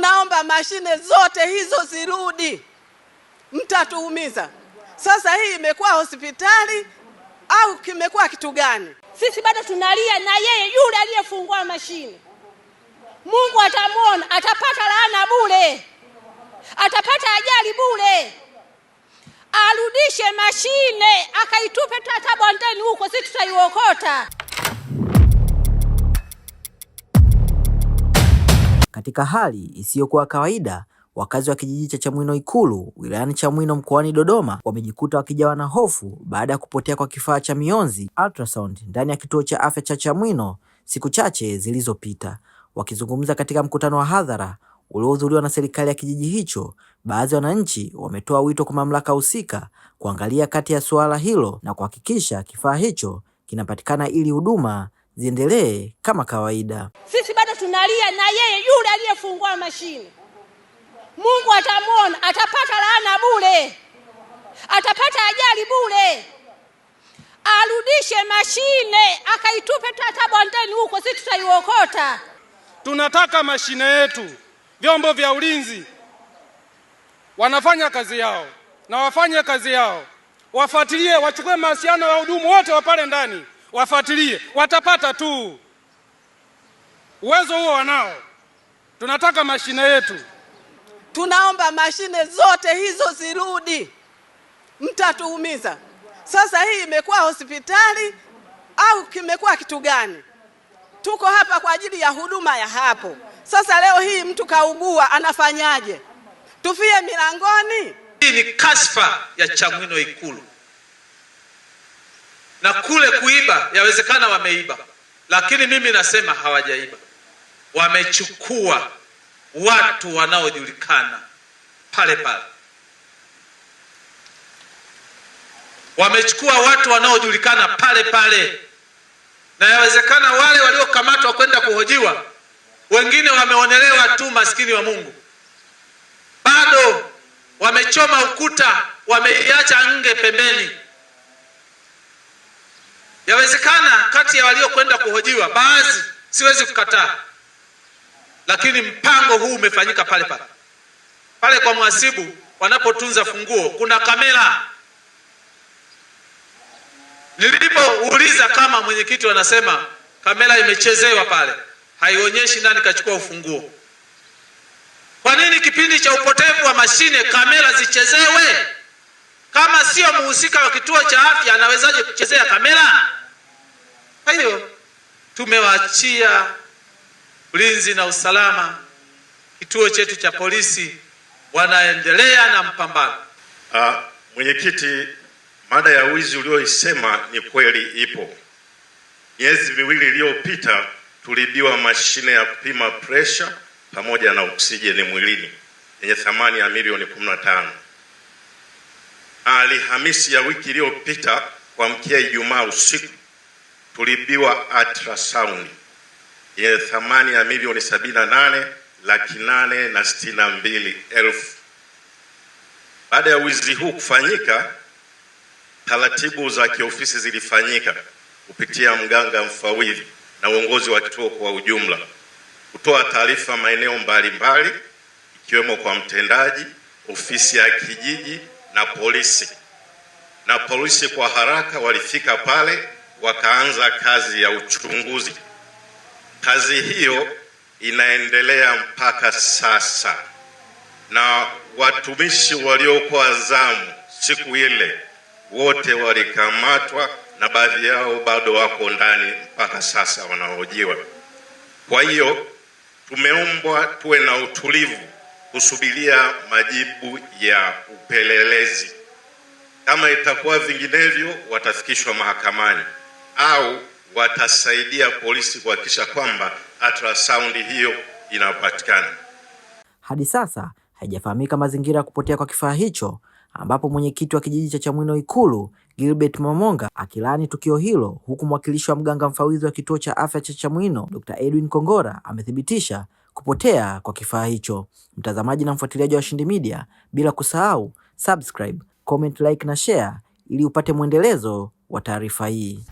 Naomba mashine zote hizo zirudi, mtatuumiza. Sasa hii imekuwa hospitali au kimekuwa kitu gani? Sisi bado tunalia na yeye yule aliyefungua mashine. Mungu atamwona, atapata laana bure, atapata ajali bure. Arudishe mashine, akaitupe Tabondeni huko, sisi tutaiokota. Katika hali isiyokuwa kawaida, wakazi wa kijiji cha Chamwino Ikulu wilayani Chamwino mkoani Dodoma wamejikuta wakijawa na hofu baada ya kupotea kwa kifaa cha mionzi ultrasound ndani ya kituo cha afya cha Chamwino siku chache zilizopita. Wakizungumza katika mkutano wa hadhara uliohudhuriwa na serikali ya kijiji hicho, baadhi ya wananchi wametoa wito kwa mamlaka husika kuangalia kati ya suala hilo na kuhakikisha kifaa hicho kinapatikana ili huduma ziendelee kama kawaida. Sisi wote tunalia na yeye yule aliyefungua mashine. Mungu atamwona, atapata laana bure, atapata ajali bure. Arudishe mashine, akaitupe tatabu ndani huko, sisi tutaiokota. Tunataka mashine yetu. Vyombo vya ulinzi wanafanya kazi yao na wafanye kazi yao, wafuatilie, wachukue mahusiano ya hudumu wote wa pale ndani, wafuatilie, watapata tu. Uwezo huo wanao, tunataka mashine yetu. Tunaomba mashine zote hizo zirudi, mtatuumiza. Sasa hii imekuwa hospitali au kimekuwa kitu gani? Tuko hapa kwa ajili ya huduma ya hapo. Sasa leo hii mtu kaugua, anafanyaje? Tufie milangoni? Hii ni kasfa ya Chamwino Ikulu, na kule kuiba, yawezekana wameiba, lakini mimi nasema hawajaiba wamechukua watu wanaojulikana pale pale, wamechukua watu wanaojulikana pale pale, na yawezekana wale waliokamatwa kwenda kuhojiwa, wengine wameonelewa tu, maskini wa Mungu, bado wamechoma ukuta, wameiacha nge pembeni. Yawezekana kati ya waliokwenda kuhojiwa baadhi, siwezi kukataa lakini mpango huu umefanyika pale pale pale kwa mhasibu wanapotunza funguo, kuna kamera. Nilipouliza kama mwenyekiti, wanasema kamera imechezewa pale, haionyeshi nani kachukua ufunguo. Kwa nini kipindi cha upotevu wa mashine kamera zichezewe? Kama sio muhusika wa kituo cha afya, anawezaje kuchezea kamera? Kwa hiyo tumewaachia ulinzi na usalama, kituo chetu cha polisi wanaendelea na mpambano. Ah, mwenyekiti, mada ya wizi ulioisema ni kweli ipo. Miezi miwili iliyopita tuliibiwa mashine ya kupima presha pamoja na oksijeni mwilini yenye thamani ya milioni 15. Alhamisi ya wiki iliyopita mkia Ijumaa usiku tulibiwa ultrasound yenye thamani ya milioni sabini na nane laki nane na sitini na mbili elfu. Baada ya wizi huu kufanyika, taratibu za kiofisi zilifanyika kupitia mganga mfawidhi na uongozi wa kituo kwa ujumla kutoa taarifa maeneo mbalimbali ikiwemo kwa mtendaji, ofisi ya kijiji na polisi. Na polisi kwa haraka walifika pale wakaanza kazi ya uchunguzi. Kazi hiyo inaendelea mpaka sasa, na watumishi waliokuwa zamu siku ile wote walikamatwa na baadhi yao bado wako ndani mpaka sasa wanahojiwa. Kwa hiyo tumeombwa tuwe na utulivu kusubiria majibu ya upelelezi. Kama itakuwa vinginevyo, watafikishwa mahakamani au watasaidia polisi kuhakikisha kwamba ultrasound hiyo inapatikana. Hadi sasa haijafahamika mazingira ya kupotea kwa kifaa hicho, ambapo mwenyekiti wa kijiji cha Chamwino Ikulu Gilbert Mamonga akilaani tukio hilo, huku mwakilishi wa mganga mfawidhi wa kituo cha afya cha Chamwino Dr. Edwin Kongora amethibitisha kupotea kwa kifaa hicho. Mtazamaji na mfuatiliaji wa Washindi Media, bila kusahau subscribe, comment, like na share ili upate mwendelezo wa taarifa hii.